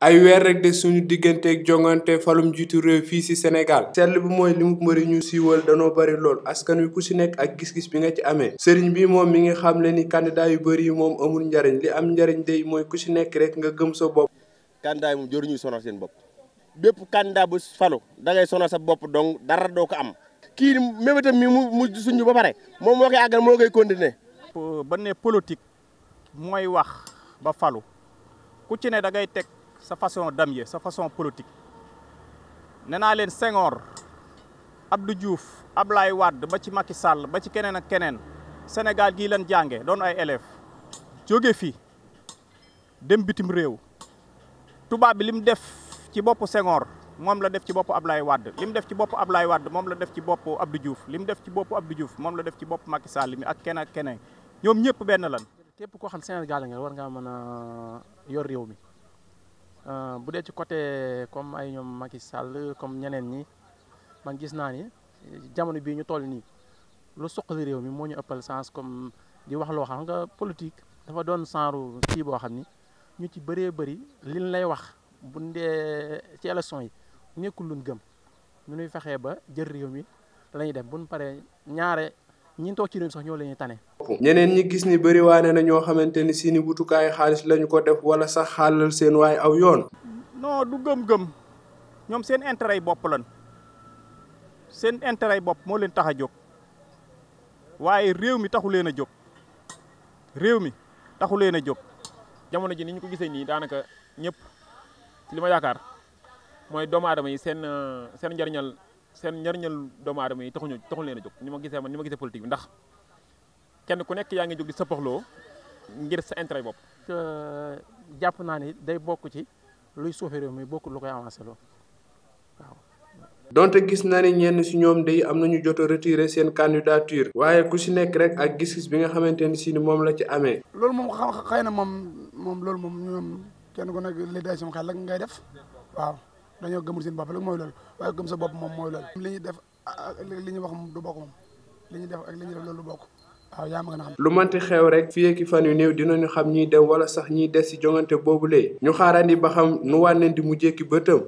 ay weer rek de suñu digganteeg jongante falum jiitu réew fii si Sénégal seetlu bi mooy li mu mbëri ñu siiwal danoo bari lool askan wi ku si nekk ak gis-gis bi nga ci amee sëriñ bi moom mi ngi xamle ni candidat yu bëri yi moom amul njariñ li am njariñ day mooy ku si nekk rek nga gëm sa bopp candidat yi moom jëruñuy sonal seen bopp bépp candidat ba falu da ngay sonal sa bopp donc dara doo ko am kii même itam mi mu mu suñu ba pare moom moo koy àggal moo koy continuer ba ne politique wax ba falu ku ci ne da ngay teg sa façon damier sa façon politique nee naa leen Senghor Abdou Diouf Ablaye Wade ba ci Macky Sall ba ci keneen ak keneen Sénégal gii lan jànge doon ay élèves jóge fii dem bitim réew tubaab bi li mu def ci boppu Senghor moom la def ci boppu Ablaye Wade li mu def ci boppu Ablaye Wade moom la def ci boppu Abdou Diouf li mu def ci boppu Abdou Diouf moom la def ci boppu Macky Sall mi ak keneen ak keneen ñoom ñëpp benn lan. képp koo xam Sénégal nga war ngaa mën a yor réew mi. Euh, bu dee ci côté comme ay ñoom Macky Sall comme ñeneen ñi man gis naa ni jamono bii ñu toll nii lu suqali réew mi moo ñu ëppal sens comme di wax loo xam nga politique dafa doon senru kii boo xam ni ñu ci bëree bëri liñ lay wax bu dee ci élection yi nekkul luñ gëm ñu nuy fexe ba jël réew mi la ñuy def buñ paree ñaare ñi toog ci réew mi sax ñoo lañuy ñuy tane bopp ñeneen ñi gis ni bëri waane na ñoo xamante ni si ni wutukaayu xaalis lañu ko def wala sax xaalal seen waaye aw yoon non du gëm-gëm ñoom seen intérêt yi bopp lan seen intérêt yi bopp moo leen tax a jóg waaye réew mi taxu leen a jóg réew mi taxu leen a jóg jamono ji ni ñu ko gisee nii daanaka ñëpp li ma yaakaar mooy doomu aadama yi seen seen njariñal seen njariñal doomu aadama yi taxuñu taxu leen a jóg ni ma gisee man ni ma gisee bi ndax kenn ku nekk yaa ngi jóg di sëppaxloo ngir sa intérêt bopp. jàpp naa ni day bokk ci luy suufe muy mi lu koy avancé loo donte gis naa ne ñenn si ñoom day am nañu jot a retiré seen candidature. waaye ku si nekk rek ak gis-gis bi nga xamante ni si ni moom la ci amee. loolu moom xëy na moom moom loolu moom kenn ku nekk li day sama ngay def waaw dañoo gëmul seen bopp rek mooy loolu waaye gëm sa bopp moom mooy loolu. li ñu def ak li ñu wax du bokk moom li ñu def ak li ñu def loolu du bokk. waaw lu manti xew rek fii ak fan yu néew dinañu xam ñiy dem wala sax ñiy des ci jongante boobulee ñu xaarandi ba xam nu wànneen di mu jékki bëtëm